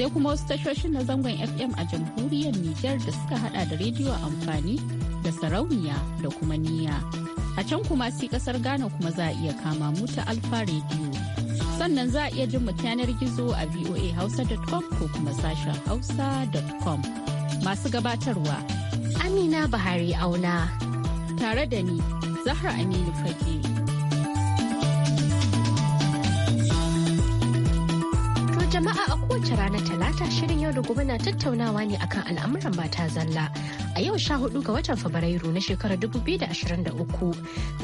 sai kuma wasu tashoshin na zangon fm a jamhuriyar nijar da suka hada da rediyo amfani da sarauniya da kuma niya a can kuma si kasar ghana kuma za a iya kama mu ta alfa rediyo sannan za a iya jin mu yanar gizo a voa hausa.com ko kuma sashen hausa.com masu gabatarwa amina bahari auna tare da ni zahra aminu fage jama'a a kowace rana talata shirin yau da gobe na tattaunawa ne akan al'amuran mata zalla. A yau sha hudu ga watan Fabrairu na shekarar 2023.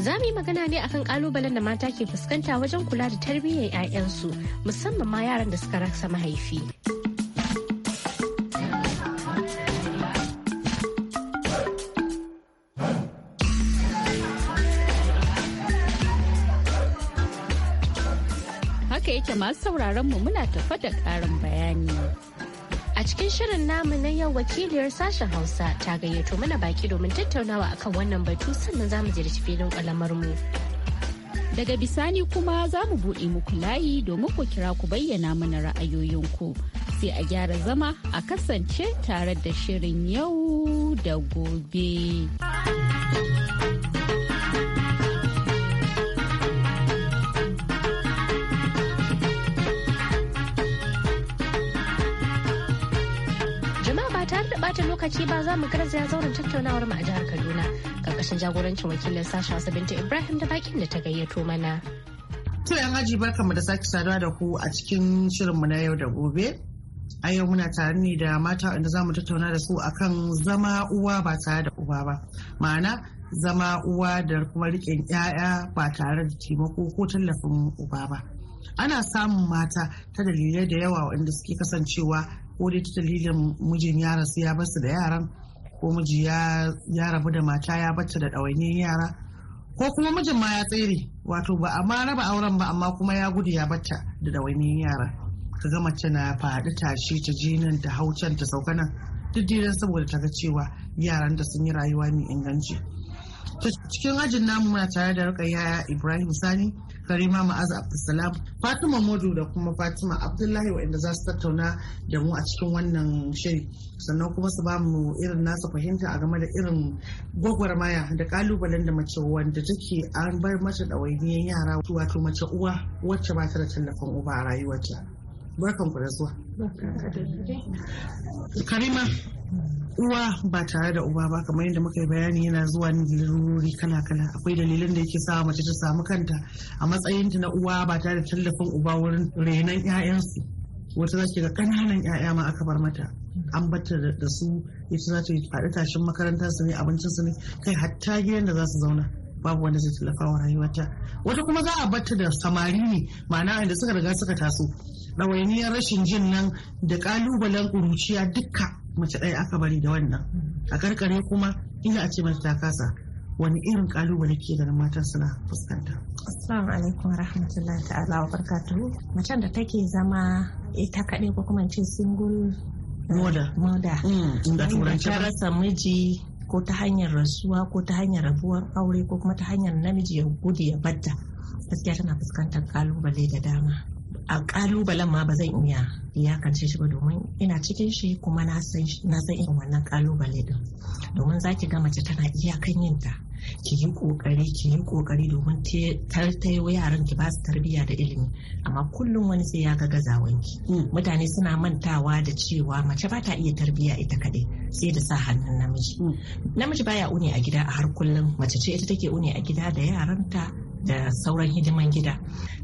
Za mu yi magana ne akan kalubalen da mata ke fuskanta wajen kula da tarbiyyar 'ya'yansu musamman ma yaran da suka rasa mahaifi. masu sauraron mu muna tafa da ƙarin bayani. A cikin shirin namu na yau wakiliyar sashen Hausa ta gayyato mana baki domin tattaunawa akan wannan batu sannan za mu je da shi filin ƙalamarmu. mu. Daga bisani kuma za mu buɗe muku layi domin ku kira ku bayyana mana ra'ayoyinku. Sai a gyara zama a kasance tare da shirin yau da gobe. tare da bata lokaci ba za mu garzaya zauren tattaunawar mu a jihar Kaduna karkashin jagorancin wakilin sasha Hausa Binta Ibrahim da bakin da ta gayyato mana. To yan aji mu da sake saduwa da ku a cikin shirin mu na yau da gobe. A yau muna tare ne da mata inda za mu tattauna da su akan zama uwa ba tare da uba ba. Ma'ana zama uwa da kuma riƙen 'ya'ya ba tare da taimako ko tallafin uba ba. Ana samun mata ta dalilai da yawa waɗanda suke kasancewa ko dai ta dalilin mijin ya rasu ya basu da yaran ko miji ya rabu da mata ya bata da ɗawainiyar yara ko kuma mijin ma ya tsere wato ba a ma raba auren ba amma kuma ya gudu ya bata da ɗawainiyar yara ka ga mace na faɗi tashi ta jinin ta haucan ta sauka nan duk dinan saboda ta ga cewa yaran da sun yi rayuwa mai inganci. cikin ajin namu muna tare da rukayya ibrahim sani Karima Ma'az Abdulsalam, Fatima Modu da kuma Fatima Abdullahi waɗanda za su tattauna da mu a cikin wannan shiri. Sannan kuma su ba mu irin nasu fahimta a game da irin gwagwarmaya da kalubalen da mace wanda take an bar mata ɗawainiyar yara wato mace uwa wacce ba ta da tallafin uba a rayuwarta. Barkan ku da zuwa. Karima, uwa ba tare da uba ba kamar yadda muka yi bayani yana zuwa ne lalurori kana kala-kala akwai dalilin da yake sa mace ta samu kanta a matsayinta na uwa ba tare da tallafin uba wurin renon 'ya'yansu wata za ga ƙananan 'ya'ya ma aka bar mata an bata da su ita za ta yi faɗi tashin makarantar su ne abincin su ne kai hatta gidan da za su zauna babu wanda zai tallafa wa rayuwarta wata kuma za a bata da samari ne ma'ana inda suka riga suka taso ɗawainiyar rashin jin nan da ƙalubalen ƙuruciya duka. mace ɗaya aka bari da wannan mm. a karkare kuma ina a ce mace ta kasa wani irin kalubale ke da matan suna fuskanta assalamu alaikum rahmatullahi ta'ala wa barakatuhu macen da take zama ita kaɗai ko kuma ce single moda moda da turanci ta rasa miji ko ta hanyar rasuwa ko ta hanyar rabuwar aure ko kuma ta hanyar namiji ya gudu ya badda gaskiya tana fuskantar kalubale da dama a kalubalen ma ba zan iya iyakance shi ba domin ina cikin shi kuma na san irin wannan kalubale din domin za ki ga mace tana iyakan yinta ki yi kokari ki yi kokari domin tartayo yaran ki ba su tarbiyya da ilimi amma kullum wani sai ya ga wanki. Hmm. mutane suna mantawa da cewa mace ba ta iya tarbiyya ita kadai sai da sa hannun namiji hmm. namiji baya une a gida a har kullum mace ce ita take une a gida da yaranta da sauran hidiman gida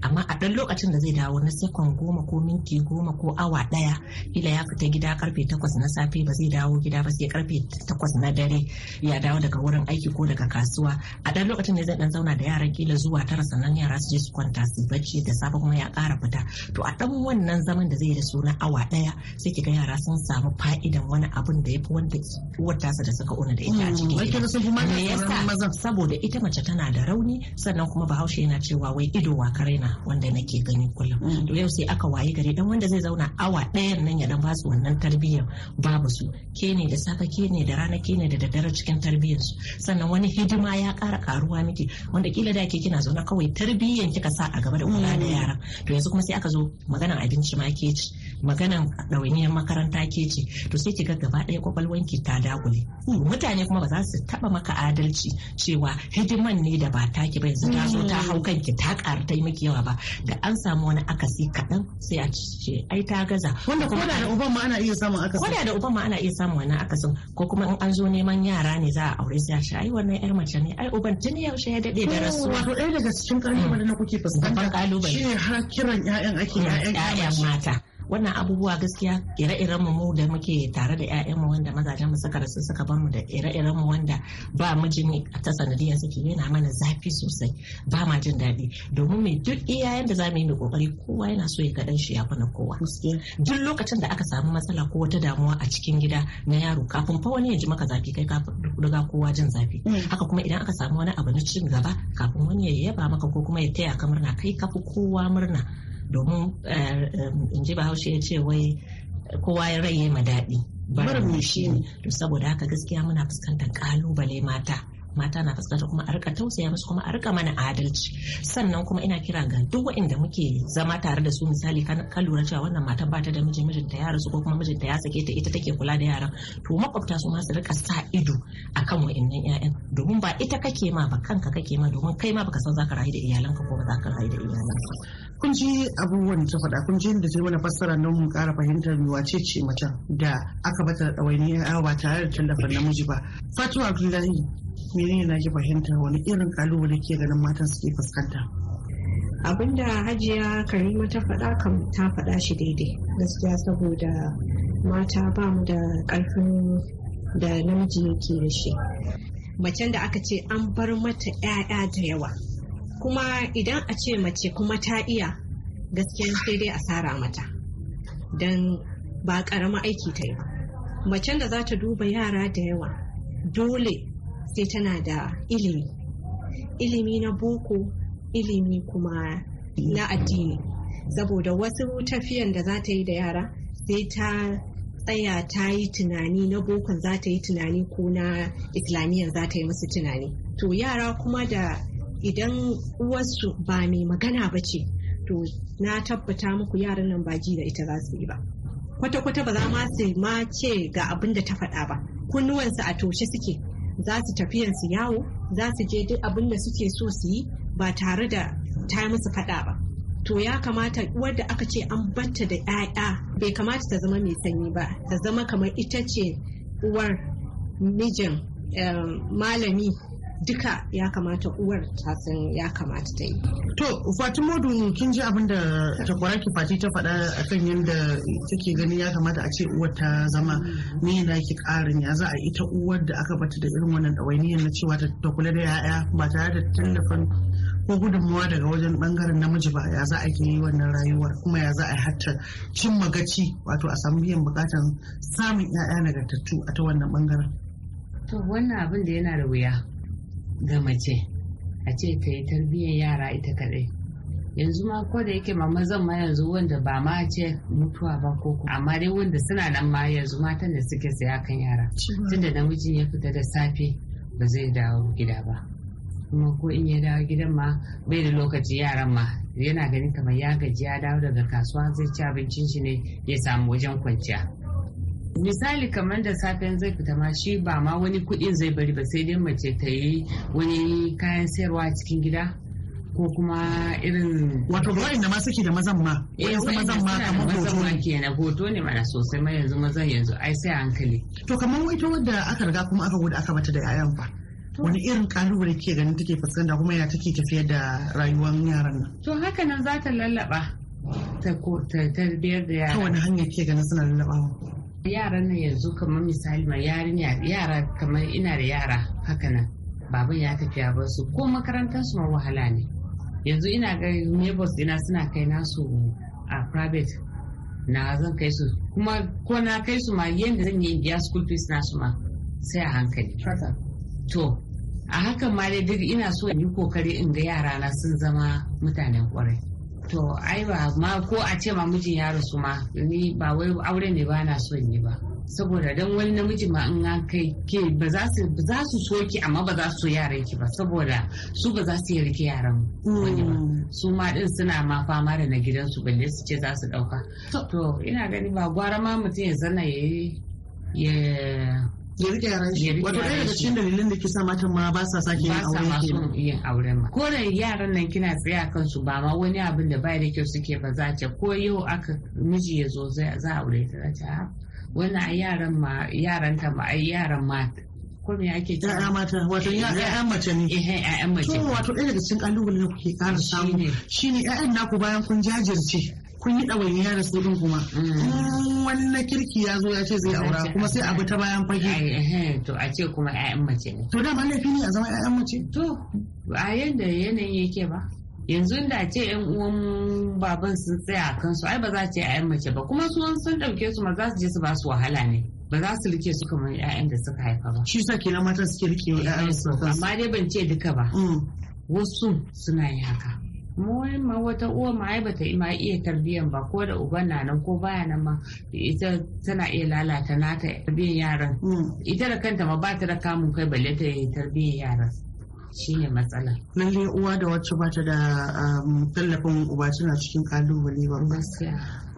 amma a ɗan lokacin da zai dawo na sekon goma ko minti goma ko awa ɗaya ila ya fita gida karfe takwas na safe ba zai dawo gida ba sai karfe takwas na dare ya dawo daga wurin aiki ko daga kasuwa a ɗan lokacin da zai ɗan zauna da yaran kila zuwa tara sannan yara su je su kwanta su bacci da safe kuma ya ƙara fita to a ɗan wannan zaman da zai da su na awa ɗaya sai kiga yara sun samu fa'idan wani abun da ya fi wanda uwar tasa da suka una da ita a mm, cikin saboda ita mace tana da rauni sannan kuma bahaushe yana cewa wai ido wa karena wanda nake gani kullum mm. to yau sai aka waye gari dan wanda zai zauna awa ɗayan nan ya dan ba su wannan tarbiyya babu su ke ne da safe ke ne da rana ke ne da daddare cikin tarbiyyar su sannan wani hidima ya ƙara karuwa miki wanda kila da ke kina zauna kawai tarbiyyar kika sa a gaba da kula da mm. yaran to yanzu kuma sai aka zo maganar abinci ma ke ci maganan ɗawainiyar makaranta ke ci to sai ki ga gaba ɗaya ki ta dagule mm. mutane kuma ba za su taɓa maka adalci cewa hidiman ne da ba taki ba yanzu ta zo ta hau kanki ta ƙara ta yi maki yawa ba da an samu wani akasi kaɗan sai a ce ai ta gaza wanda kuma da uban ma ana iya samun akasin koda da uban ma ana iya samun wannan akasin ko kuma in an zo neman yara ne za a aure sai a ce ai wannan yar mace ne ai uban tun yaushe ya daɗe da rasuwa wato ɗaya daga cikin ƙalubale na mm. kuke fuskanta shine har kiran ƴaƴan ake ƴaƴan mata wannan abubuwa gaskiya ire-iren mu da muke tare da mu wanda mazajen mu suka rasu suka bar mu da ire-iren mu wanda ba a ta sanadiyar suke yana mana zafi sosai ba ma jin daɗi domin mai duk iyayen da mu yi mai kokari kowa yana so ya ga dan shi ya kwana kowa duk lokacin da aka samu matsala ko wata damuwa a cikin gida na yaro kafin fa wani ya ji maka zafi kai kafin daga kowa jin zafi mm. haka kuma idan aka samu wani abu na cin gaba kafin wani ya yaba maka ko kuma ya taya ka murna kai kafi kowa murna domin eh, in ji bahaushe ya ce wai eh, kowa ya rai ma daɗi barin mu shi ne saboda haka gaskiya muna fuskantar kalubale mata mata na fuskantar kuma a rika tausaya musu kuma a rika mana adalci sannan kuma ina kira ga duk waɗanda muke zama tare da su misali ka lura cewa wannan matan ba ta da miji mijinta ya rasu ko kuma mijinta ya sake ta ita take kula da yaran to makwabta su ma su rika sa ido akan waɗannan ƴaƴan domin ba ita kake ma ba kanka kake ma domin kai ma baka san zaka rayu da iyalanka ko ba zaka rayu da iyalanka kun ji abubuwan ta faɗa kun ji inda mana fassara nan mun ƙara fahimtar wace ce macen da aka bata da ɗawainiya ba tare da tallafin namiji ba fatima abdullahi Mene na ji fahimta wani irin kalubale ke ganin matan suke fuskanta abinda hajiya karima ta faɗa kam ta faɗa shi daidai gaskiya saboda mata ba mu da ƙarfin da namiji yake da shi macen da aka ce an bar mata 'ya'ya da yawa kuma idan a ce mace kuma ta iya gaskiya sai dai asara mata don ba ƙarama aiki ta yi ba macen da za ta duba yara da yawa dole sai tana da ilimi ilimi na boko ilimi kuma na addini saboda wasu tafiyan da za ta yi da yara sai ta tsaya ta yi tunani na bokon za ta yi tunani ko na islamiyyar za ta yi musu tunani to yara kuma da idan uwarsu ba mai magana ba ce to na tabbata muku yaran nan ba ji da ita za su yi ba kwata-kwata ba za ma su ma ce ga abin da ta faɗa ba kunnuwansu a toshe suke za su tafiyan su yawo za su je duk abin da suke so su yi ba tare da ta musu faɗa ba to ya kamata uwar da aka ce an batta da 'ya'ya bai kamata ta zama mai sanyi ba ta zama kamar ita ce uwar mijin eh, malami duka ya kamata uwar ta san ya kamata ta yi. To Fatimodun kin ji abin da takwara ki fati ta faɗa akan yadda take gani ya kamata a ce uwar ta zama mm-hmm. me na ki ƙarin ya za a ita uwar da aka bata da irin wannan ɗawainiyar na cewa ta kula da 'ya'ya ba tare da tallafin ko gudunmuwa daga wajen bangaren namiji ba ya za a ke yi wannan rayuwar kuma ya za a hatta cin magaci wato a samu biyan bukatan samun 'ya'ya nagartattu a ta wannan bangaren. To wannan abin da yana da wuya ga mace a ce ta yi tarbiyyar yara ita kaɗai yanzu ma ko da yake mama zan ma yanzu wanda ba ma ce mutuwa ba ko amma dai wanda suna nan ma yanzu matan da suke saya kan yara tunda namijin ya fita da safe ba zai dawo gida ba kuma ko in ya dawo gidan ma bai da lokaci yaran ma yana ganin kamar ya gaji ya dawo daga kasuwa zai ci abincin shi ne ya samu wajen kwanciya misali kamar da safen zai fita ma shi ba ma wani kudin zai bari ba sai dai mace ta yi wani kayan sayarwa cikin gida ko kuma irin wato ba da ma suke da mazan ma eh mazan ma kamar hoto ne kenan hoto ne mana sosai ma yanzu mazan yanzu ai sai hankali to kamar ita wadda aka riga kuma aka gudu aka mata da yayan fa wani irin kalubale ke ganin take fuskanta kuma ya take tafiyar da rayuwar yaran nan to haka nan za ta lallaba ta ko ta tarbiyar da yara ta wani hanya ke ganin suna lallaba yaran nan yanzu kamar misali ma yarin yara kamar ina da yara haka nan baban ya tafiya ba su ko makarantar su ma wahala ne yanzu ina ga neighbors dina suna kai nasu a private na zan kai su kuma ko na kai su ma yadda zan yi biya school fees nasu ma sai a hankali to a hakan ma dai duk ina so in yi kokari in ga yara na sun zama mutanen kwarai to ai ba ma ko a ce ma mijin ya rasu ma ni ba wai aure ne ba na so yi ba saboda don wani namiji ma in an kai ke ba za su ba za su so ki amma ba za su yaran ki ba saboda su ba za su yarki yaran wani ba mm. su ma din suna ma fama da na gidansu balle su ce za su dauka to ina gani ba gwara ma mutum ya zana ya ya rike yaran shi wato ɗaya daga cikin dalilan da kisa matan ma ba sa sake yin aure ke sa masu yin auren ma ko da yaran nan kina tsaye tsaya kansu ba ma wani abin da bai da kyau suke ba za ta ko yau aka miji ya zo za a aure ta za ta ah, wannan yaran ma yaran ta ma ai yaran ma ko me ake kira ƴaƴa mata wato ƴaƴan mace ne eh ƴaƴan eh, mace to wato ɗaya daga cikin kalubale da kuke ƙara samu shine ƴaƴan naku bayan kun jajirce kun yi ɗawainiya da su din kuma mm. wannan kirki ya zo ya ce zai aura kuma sai abu ta bayan fage eh, to a ce kuma ƴaƴan mace ne to da ma laifi ne a zama ƴaƴan mace to a yadda yanayin yake ba yanzu da ce yan uwan baban sun tsaya a kansu ai ba za ce ƴaƴan mace ba kuma su sun ɗauke su ma za su je su ba su wahala ne ba za su rike su kamar ƴaƴan da suka haifa ba shi sa kenan matan suke rike ƴaƴan su eh, eh, amma dai ban ce duka ba mm. wasu suna yi haka mu ma wata uwa ma ai bata ma iya tarbiyan ba ko da uban na nan ko baya nan ma ita tana iya lalata nata tarbiyan yaran mm. ita da kanta ma ba ta da kamun kai balle ta yi tarbiyan yaran shine matsala. Lalle uwa da wacce bata da um, tallafin uba suna cikin kalubale ba.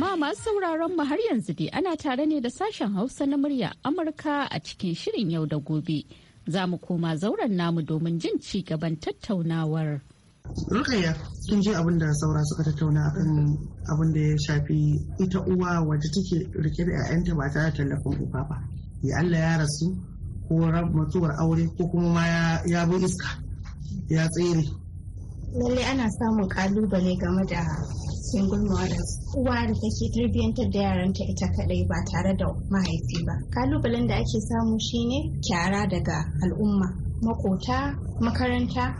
Jama'a masu sauraron mu har yanzu dai ana tare ne da sashen Hausa na murya Amurka a cikin shirin yau da gobe. Za mu koma zauren namu domin jin ci gaban tattaunawar. Rukaya, kin ji abin da saura suka tattauna akan abin da ya shafi ita uwa wadda take rike da 'ya'yanta ba tare da tallafin uba ba. Ya Allah ya rasu ko mutuwar aure ko kuma ma ya bi iska ya tsere. Lallai ana samun kalubale game da single mothers uwa da take tarbiyyantar da yaran ta ita kadai ba tare da mahaifi ba kalubalen da ake samu shine kyara daga al'umma makota makaranta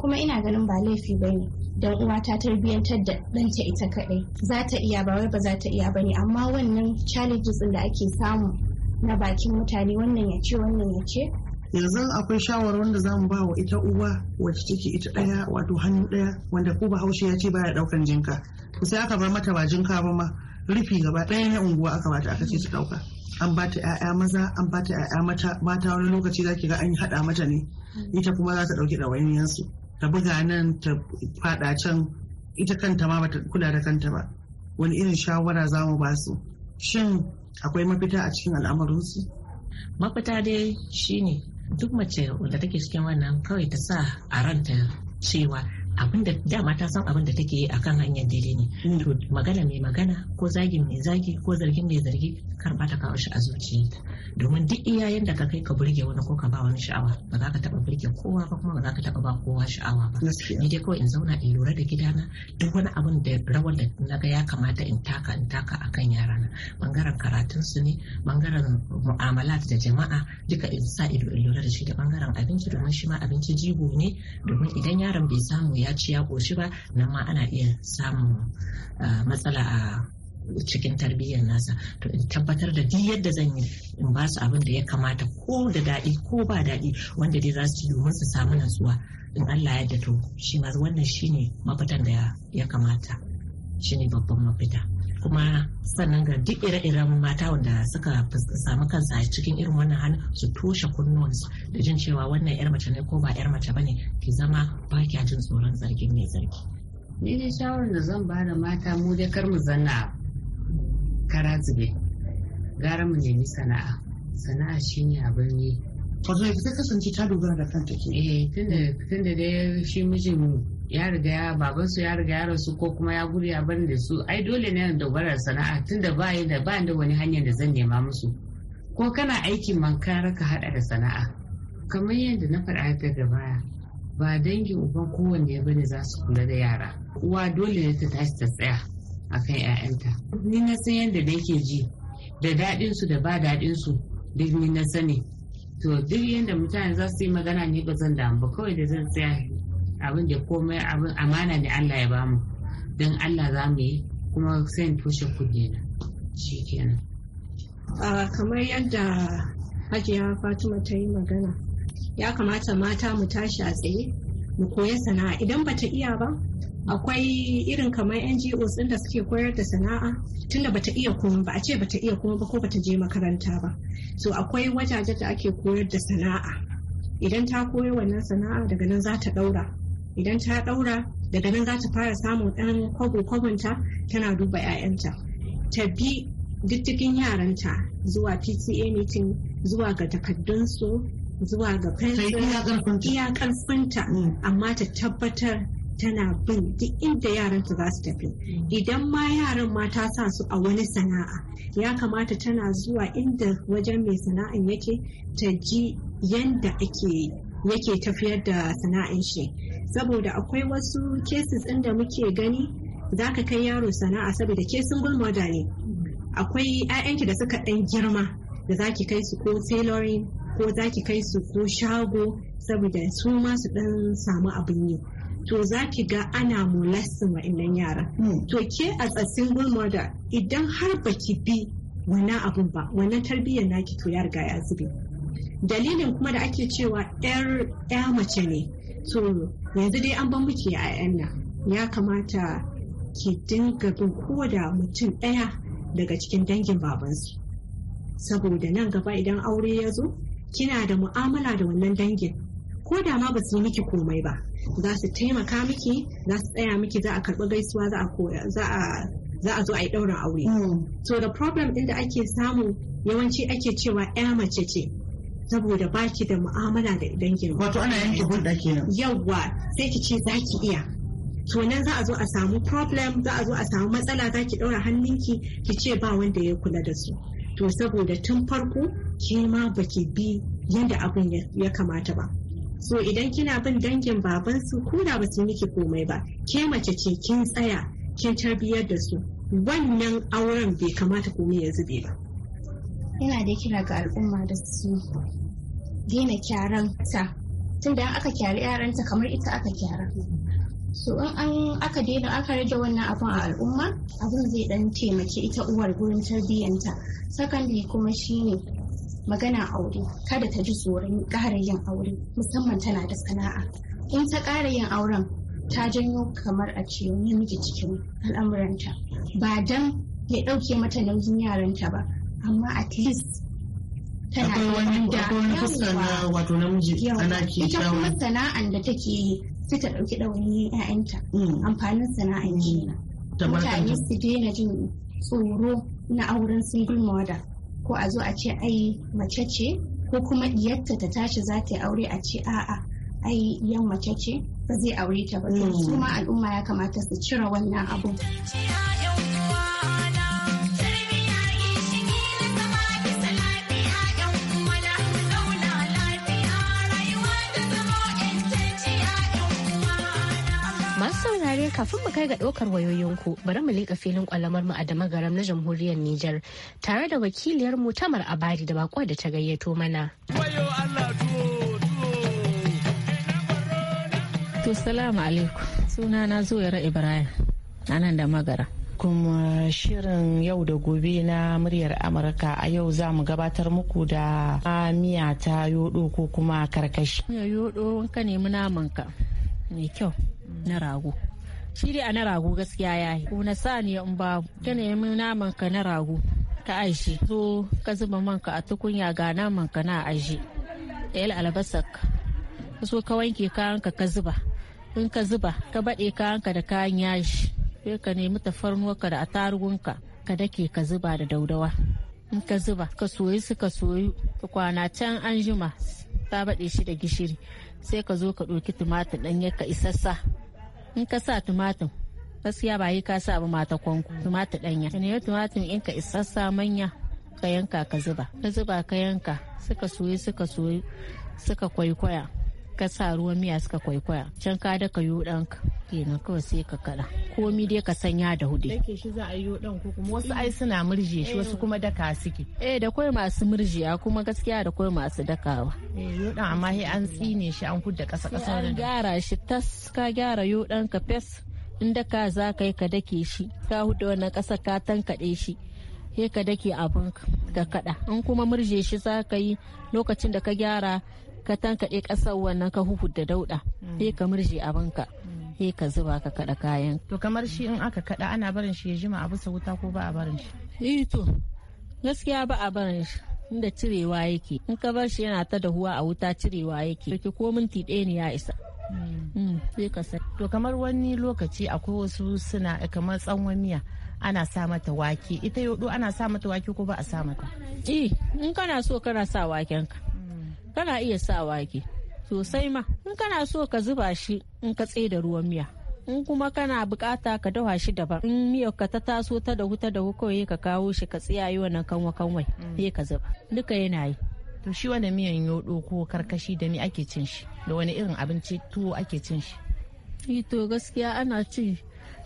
kuma ina ganin ba laifi ba ne don uwa ta tarbiyyantar da ɗanta ita kaɗai za ta iya ba wai ba za ta iya ba ne amma wannan challenges da ake samu na bakin mutane wannan ya ce wannan ya ce yanzu akwai shawarwar da zamu ba wa ita uwa wacce take ita ɗaya wato hannu ɗaya wanda ko bahaushe ya ce baya ɗaukan jinka sai aka bar mata ba jinka ba ma rufi gaba ne na unguwa aka bata aka ce su ɗauka an bata 'ya'ya maza an bata 'ya'ya mata mata wani lokaci zaki ga an yi haɗa mata ne mm. ita kuma za ta ɗauki ɗawainiyansu ta buga nan ta faɗa can ita kanta ma bata kula da kanta ba wani irin shawara za mu ba su shin akwai mafita a cikin su mafita dai shine duk mace da take cikin wannan kawai ta sa a ranta cewa abinda dama ta san abinda da take yi akan hanyar daidai ne mm. to magana mai magana ko zagi mai zagi ko zargin mai zargi kar ba ta kawo shi a zuciyarta domin duk iyayen da ka kai ka burge wani ko ka ba wani sha'awa ba za ka taba burge kowa ba kuma ba za ka taba ba kowa sha'awa ba ni dai kawai in zauna in lura da gidana duk wani abin da rawar da na ga ya kamata in taka in taka akan yara Karatun su ne bangaren mu'amalat da jama'a duka in sa ido in lura da shi da bangaren abinci domin shi ma abinci jigo ne domin idan yaron bai samu ya ci ya koshi ba nan ma ana iya samun matsala a cikin tarbiyyar nasa to in tabbatar da duk yadda zan yi in ba su abin da ya kamata ko da daɗi ko ba daɗi wanda dai za su domin su samu natsuwa in Allah ya to shi ma wannan shine mafitan da ya kamata shine babban mafita kuma sannan ga duk ire-iren mata wanda suka samu kansa a cikin irin wannan hali su toshe kunnuwansu da jin cewa wannan 'yar mace ne ko ba 'yar mace bane ki zama ba kya jin tsoron zargin mai zargi. Ni dai shawarar da zan ba da mata mu dai kar mu zanna kara zube gara mu nemi sana'a sana'a shine abin yi. ta ya kasance ta dogara da kanta ke. Eh tunda tunda dai shi mijin ya riga ya baban su ya riga ya rasu ko kuma ya gudu ya bar da su ai dole ne na dogara sana'a tunda ba da ba da wani hanyar da zan nema musu ko kana aikin man kara ka hada da sana'a kamar yadda na faɗa da baya ba dangin uban kowanne bane za su kula da yara uwa dole ne ta tashi ta tsaya akan 'ya'yanta ni na san yadda yake ji da daɗin su da ba daɗin su duk ni na sani to duk yadda mutane za su yi magana ne ba zan damu ba kawai da zan tsaya abin da komai abin amana da Allah ya bamu don Allah za mu yi kuma sai in toshe kudi na shi kenan. Ah, kamar yadda hajiya fatima ta yi magana ya kamata mata mu tashi a tsaye mu koya sana'a idan ba ta iya ba akwai irin kamar NGOs ɗin da suke koyar da sana'a tunda bata iya kuma ba a ce bata iya kuma ba ko bata je makaranta ba so akwai wajajen da ake koyar da sana'a idan ta koyi wannan sana'a daga nan za ta daura. idan ta daura daga nan za ta fara samun ɗan kwabo kwabonta tana duba 'ya'yanta ta bi diddigin yaranta zuwa pta meeting zuwa ga takaddunsu zuwa ga iya karfinta hmm. amma ta tabbatar tana bin duk inda yaranta za su tafi idan ma yaran mata sa su a wani sana'a ya kamata tana zuwa inda wajen mai sana'an yake ta ji yanda ake yake tafiyar da sana'in shi saboda akwai wasu cases ɗin da muke gani za ka kai yaro sana'a saboda ke single ne akwai 'ya'yanki da suka ɗan girma da za ki kai su ko tailoring ko za ki kai su ko shago saboda su ma su ɗan samu abin yi to za ki ga ana molestin innan yara? Hmm. to ke a tsassin gulmoda idan har ba ki bi wannan abun ba wannan tarbiyyar naki to ya riga ya zube dalilin kuma da ake cewa 'yar mace ne so yanzu dai an ban muki yan nan ya kamata ki dinga bin ko da mutum ɗaya daga cikin dangin babansu saboda nan gaba idan aure ya zo kina da mu'amala da wannan dangin ko da ma ba su yi miki komai ba za su taimaka miki za su tsaya miki za a karɓi gaisuwa za a za a zo a yi ɗaurin aure. Mm. So the problem ɗin da ake samu yawanci ake cewa 'ya mace ce. saboda ba ki da mu'amala da dangin wato ana yanke hulɗa kenan yawwa sai ki ce za ki iya to nan za a zo a samu problem za a zo a samu matsala za ki ɗaura hannunki ki ce ba wanda ya kula da su to saboda tun farko ke ma ki bi yadda abin ya kamata ba so idan kina bin dangin babansu ko da ba su miki komai ba ke mace ce kin tsaya kin tarbiyyar da su wannan auren bai kamata komai ya zube ba yana da kira ga al'umma da su daina kyaranta tun da aka kyari yaranta kamar ita aka kyara so in an aka daina aka rage wannan abun a al'umma abun zai dan taimaki ita uwar gurin tarbiyyanta secondly kuma shine magana aure kada ta ji tsoron ƙara yin aure musamman tana da sana'a in ta ƙara yin auren ta janyo kamar a ce miji cikin al'amuranta ba dan ya ɗauke mata nauyin yaranta ba amma at least wani wato namiji ana ke ita kuma sana'an da take yi sai ta ɗauki ɗauni 'ya'yanta mm. amfanin sana'an kenan mutane su daina jin tsoro na auren single mother ko a zo a ce ai mace ce ko kuma diyarta ta tashi za ta yi aure a ce a'a ai yan mace ce ba zai aure ta ba mm. su ma al'umma ya kamata su cire wannan abu. saurare kafin mu kai ga ɗaukar wayoyinku bari mu leƙa filin kwalamar mu a garam na jamhuriyar Nijar tare da wakiliyar mu Tamar Abadi da bako da ta gayyato mana. To salamu alaikum suna na zuwa Ibrahim anan da magara. kuma shirin yau da gobe na muryar amurka a yau za mu gabatar muku da miya ta yodo ko kuma karkashi miya yodo ka nemi namanka mai kyau na rago shi dai a na ragu gaskiya ya yi ko na saniya in babu ta nemi naman ka na rago ka aji so ka zuba man ka a tukunya ga naman ka na aishe yal albasak so ka wanke kayan ka ka zuba in ka zuba ka baɗe ka da kayan yashi sai ka nemi ka da atarugun ka ka dake ka zuba da daudawa in ka zuba ka soyi su ka soyu ka kwana can an jima ta baɗe shi da gishiri sai ka zo ka ɗauki tumatir ɗanye ka isassa in ka sa tumatir gaskiya ba yi ka sa ba mata kwanku tumatir danya ne tumatir in ka isassa manya ka yanka ka zuba ka zuba ka yanka suka suyi suka suyi suka kwaikwaya ka sa ruwan miya suka kwaikwaya can ka daka yo ɗanka kenan kawai sai ka kada komi dai ka sanya da hudu dake shi za a yi dan ko kuma wasu ai suna murje shi wasu kuma daka suke eh da kawai masu murjiya kuma gaskiya da kawai masu dakawa eh yodan amma sai an tsine shi an kudda kasa kasa an gyara shi tas ka gyara yodan ka fes in daka za ka yi ka dake shi ka hudu wannan kasa ka tankade shi sai ka dake abin ka kada in kuma murje shi za ka yi lokacin da ka gyara ka tankaɗe ƙasar wannan ka da dauɗa sai mm. ka murje abinka sai mm. ka zuba ka kaɗa kayan. To kamar shi in aka kaɗa ana barin shi ya jima a bisa wuta ko ba a barin shi? Eh to gaskiya ba a barin shi inda cirewa yake in ka bar shi yana ta dahuwa a wuta cirewa yake ko minti ɗaya ne ya isa. Mm. To kamar wani lokaci akwai wasu suna eh, kamar tsawon miya ana sa mata wake ita yodo ana sa mata wake ko ba a sa mata. Eh in kana so kana sa waken ka. kana iya sa wake sosai ma in kana so ka zuba shi in ka tsaye da ruwan miya in kuma kana bukata ka dawa shi daban in miyar ka ta taso ta da huta da kawai ka kawo shi ka tsiyaye wannan kanwa kanwai mm. sai ka zuba duka yana yi to shi wanda miyan yodo ko karkashi da mi ake cin shi da wani irin abinci tuwo ake cin shi eh to gaskiya ana ci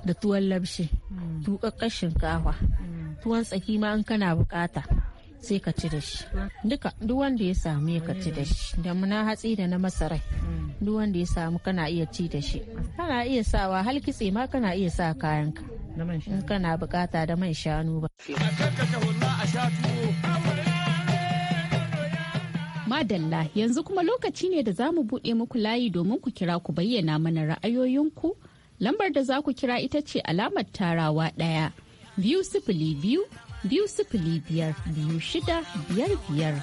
da tuwon labshi mm. tuƙaƙƙar shinkafa mm. tuwon tsaki ma in kana bukata sai ka ci da shi duka duk wanda ya samu ya ci da shi da muna hatsi da na masarai duk wanda ya samu kana iya ci da shi kana iya sawa hal kitse ma kana iya sa kayanka in kana bukata da man shanu ba Madalla yanzu kuma lokaci ne da zamu mu buɗe muku layi domin ku kira ku bayyana mana ra'ayoyinku lambar da za ku kira ita ce alamar tarawa ɗaya biyu sifili biyu biyu sifili biyar biyu shida biyar biyar.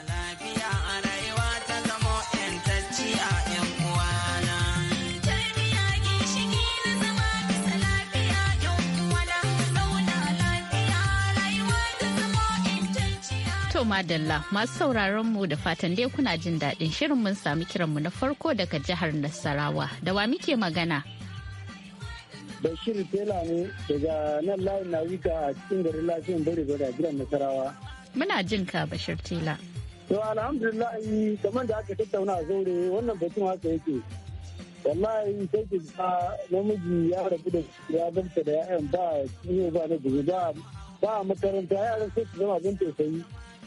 madalla masu sauraron mu da fatan dai kuna jin daɗin shirin mun sami kiranmu na farko daga jihar Nasarawa da wa muke magana. bashir tela ne daga nan layin nawika a cikin garin lafiyan bari da gidan nasarawa muna jin ka bashir tela to alhamdulillah kamar da aka tattauna a zaure wannan batun haka yake wallahi sai ki ba namiji ya rabu da ya zanta da yayan ba ciwo ba na da ba ba makaranta yaran sai su zama abin tausayi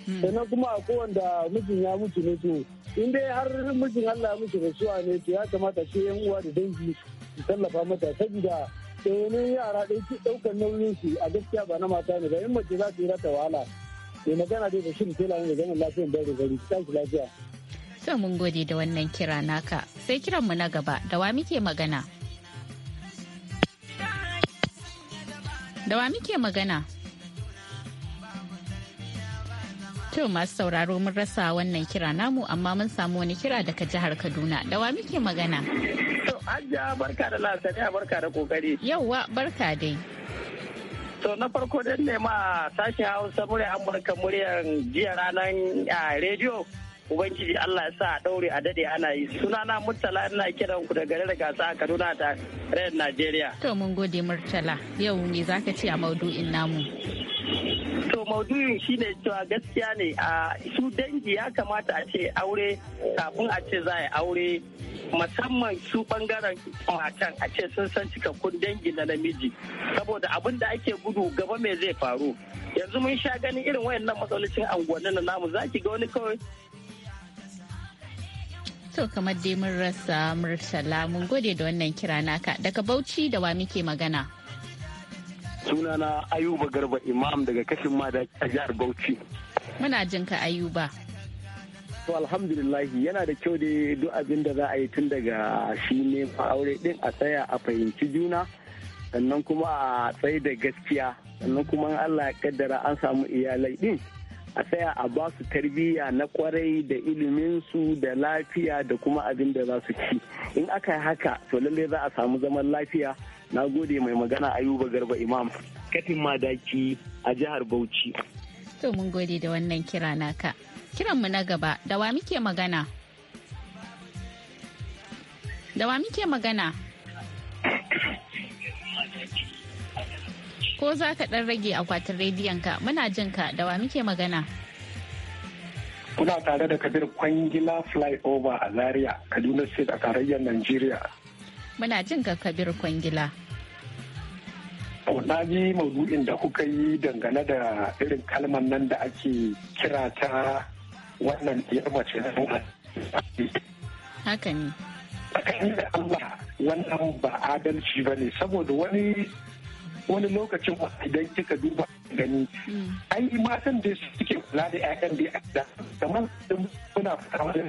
hmm. sannan kuma a kowanda mijin ya mutu ne to in dai har mijin Allah ya mutu da suwa ne to ya kamata shi yan uwa da dangi su tallafa mata saboda wani yara ɗaya ki ɗaukar nauyin shi a gaskiya ba na mata ne ba yin mace za su yi rata wahala mai magana dai bashin tela ne da ganin lafiyan bai da gari tashi lafiya. to mun gode da wannan kira naka sai kiran mu na gaba da wa muke magana. Da wa muke magana? To masu sauraro mun rasa wannan kira namu amma mun samu wani kira daga jihar Kaduna. Da wa muke magana? To Hajja barka da lasariya barka da kokari. Yauwa barka dai. To na farko dan ne ma sashen Hausa murya Amurka muryan jiya ranar rediyo. Ubangiji Allah ya sa a daure a dade ana yi. suna na Murtala ina kiran ku da garin gasa a Kaduna ta Rayar Najeriya. To mun gode Murtala yau ne zaka ce a maudu'in namu. to maudu'in ne cewa gaskiya ne a su dangi ya kamata a ce aure kafin a ce za a aure musamman su bangaren matan a ce sun san cikakkun dangi na namiji saboda abin da ake gudu gaba mai zai faru yanzu mun sha ganin irin wayannan matsalolin anguwannin na namu za ki ga wani kawai To kamar dai mun rasa Murtala mun gode da wannan kira naka daga Bauchi da wa muke magana. sunana ayuba garba imam daga kashin mada a jihar bauchi muna jin ka ayuba to alhamdulillah yana da kyau da duk abin da za a yi tun daga shi ne aure din a tsaya a fahimci juna sannan kuma a tsaye da gaskiya sannan kuma allah ya kaddara an samu iyalai din a tsaya a ba su tarbiyya na kwarai da iliminsu da lafiya da kuma abin da za su ci in aka yi haka to lallai za a samu zaman lafiya na gode mai magana ayuba garba imam katin madaki a jihar bauchi to mun gode da wannan kira naka kiranmu na gaba da wa muke magana da wa muke magana ko za ka ɗan rage akwatin rediyon ka muna jin ka da wa muke magana kuna tare da kabir kwangila flyover a zaria kaduna state a tarayyar Najeriya. muna jin ga kabir kwangila na ji maudu'in da kuka yi dangane da irin kalmar nan da ake kira ta wannan diyar mace na haka ne tsakani da Allah wannan ba adalci ba ne saboda wani wani lokacin idan kika duba gani mm. ai matan da suke kula da 'ya'yan da da kamar suna fata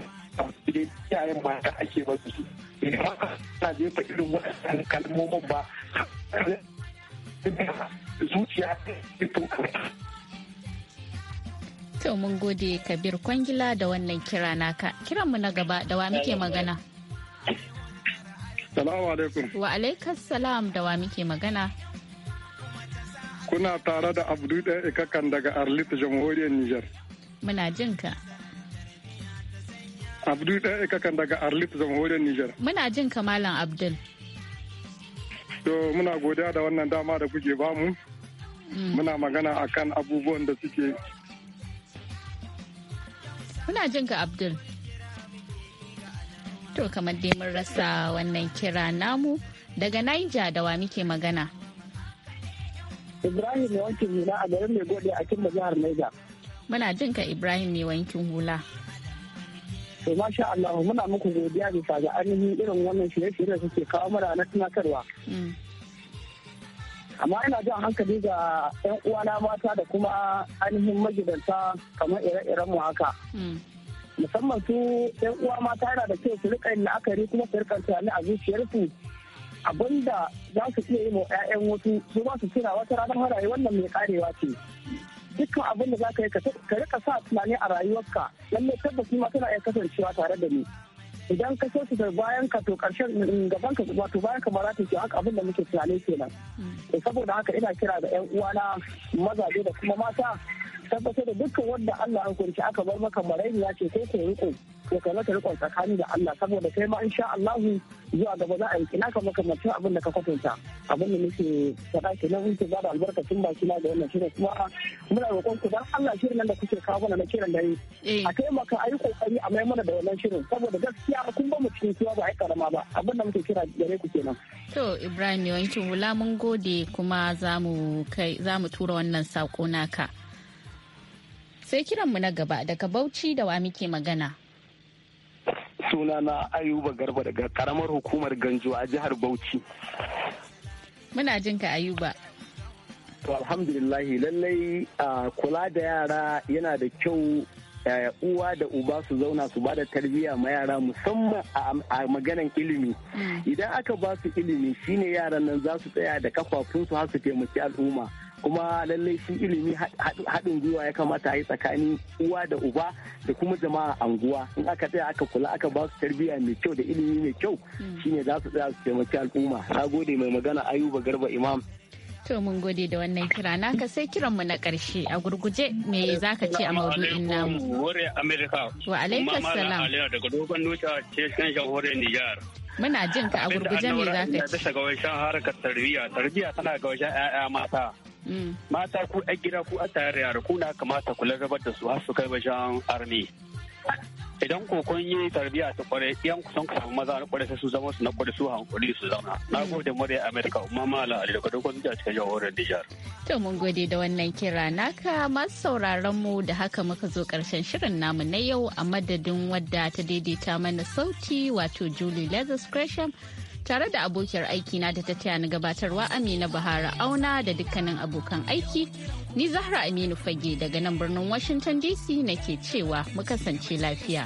iyayen mata ake ba su idan haka na jefa irin waɗannan kalmomin ba zuciya ta To mun gode Kabir Kwangila da wannan kira naka. mu na gaba da wa muke magana. Salamu alaikum. Wa alaikas salam da wa muke magana. Kuna tare da Abdu Ikakan daga Arlit, Jamhuriyar Nijar. Muna jin ka. abdu ɗaya kakan daga arlit jamhuriyar Nijar. muna jin kamalan abdul to muna godiya da wannan dama da kuke bamu mm. muna magana akan abubuwan da suke muna jin ka abdul to kamar dai mun rasa wannan kira namu daga Niger da wa muke magana ibrahim ne wankin hula a garin mai gode a cikin jihar Niger. muna jin ka ibrahim ne wankin hula to masha Allah muna muku godiya bisa ga ainihin irin wannan shirye-shirye da suke kawo mana na tunatarwa mm. amma ina jan hankali ga 'yan uwana mata da kuma ainihin magidanta kamar ire-iren mu haka mm. musamman su 'yan uwa mata yana da kyau su rika yin la'akari kuma su rika tunani a zuciyarsu abinda za su iya yi wa 'ya'yan wasu su ba su tuna wata ranar haraye wannan mai karewa ce dukkan abin da za ka yi ka rika sa tunani a rayuwarka lalle tabbas ma tana iya kasancewa tare da ni idan ka so su da bayan ka to karshen mm, mm, gaban ka wato bayan ka ta ke haka abin da muke tunani kenan mm. to saboda haka ina kira ga yan uwana mazaje da kuma mata tabbatar da dukkan wanda Allah ya hukunci aka bar maka marayi ya ce ko ko riko to kai mata rikon tsakani da Allah saboda kai ma insha Allah zuwa gaba za a yi kina ka mace abin da ka kwatanta abin da muke faɗa nan in ba da albarkacin baki na da wannan shirin kuma muna roƙon ku dan Allah shirin nan da kuke kawo mana na kiran dare eh. a kai a yi kokari a mai mana da wannan shirin saboda gaskiya kun ba mu cikin kiwa ba a karama ba abin da muke kira gare ku kenan to Ibrahim yawancin wula mun gode kuma za mu kai za tura wannan sako naka sai kiranmu na gaba daga Bauchi da wa muke magana suna na ayuba garba daga karamar hukumar ganjo a jihar bauchi muna jinka ayuba to alhamdulillahi lallai kula da yara yana da kyau uwa da uba su zauna su ba da tarbiyya ma yara musamman a maganan ilimi hmm. idan aka ba su ilimi shine yaran nan za su tsaya da kafafunsu har su taimaki al'umma kuma lallai shi ilimi haɗin gwiwa ya kamata a yi tsakanin uwa da uba da kuma jama'a anguwa in aka tsaya aka kula aka ba su tarbiyya mai kyau da ilimi mai kyau hmm. shine za su tsaya su taimaki al'umma na gode mai magana ayuba garba imam To mun gode da wannan kira naka sai kiranmu na karshe a gurguje me za ka ce a maudu'in namu. Wore Amerika. Wa alaikas salam. daga dogon nuta ce san Muna jin ka a gurguje me za ka ce. harkar tarbiyya, tarbiyya tana ga wajen 'ya'ya mata. mata ku a gida ku a tare yara ku na kamata ku lagabar da su har su kai wajen armi idan ku kun yi tarbiyya ta kware yan kusan ku samu maza na kware sai su zama su na kware su hankuri su zauna na gode da america umma mala ali daga dogon a cikin jawarar nijar to mun gode da wannan kira naka masu sauraron mu da haka muka zo karshen shirin namu na yau a madadin wadda ta daidaita mana sauti wato julie lazarus gresham tare da abokiyar aikina da ta taya ni gabatarwa Amina Bahara Auna da dukkanin abokan aiki. Ni Zahra Aminu Fage daga nan birnin Washington DC nake cewa mu kasance lafiya.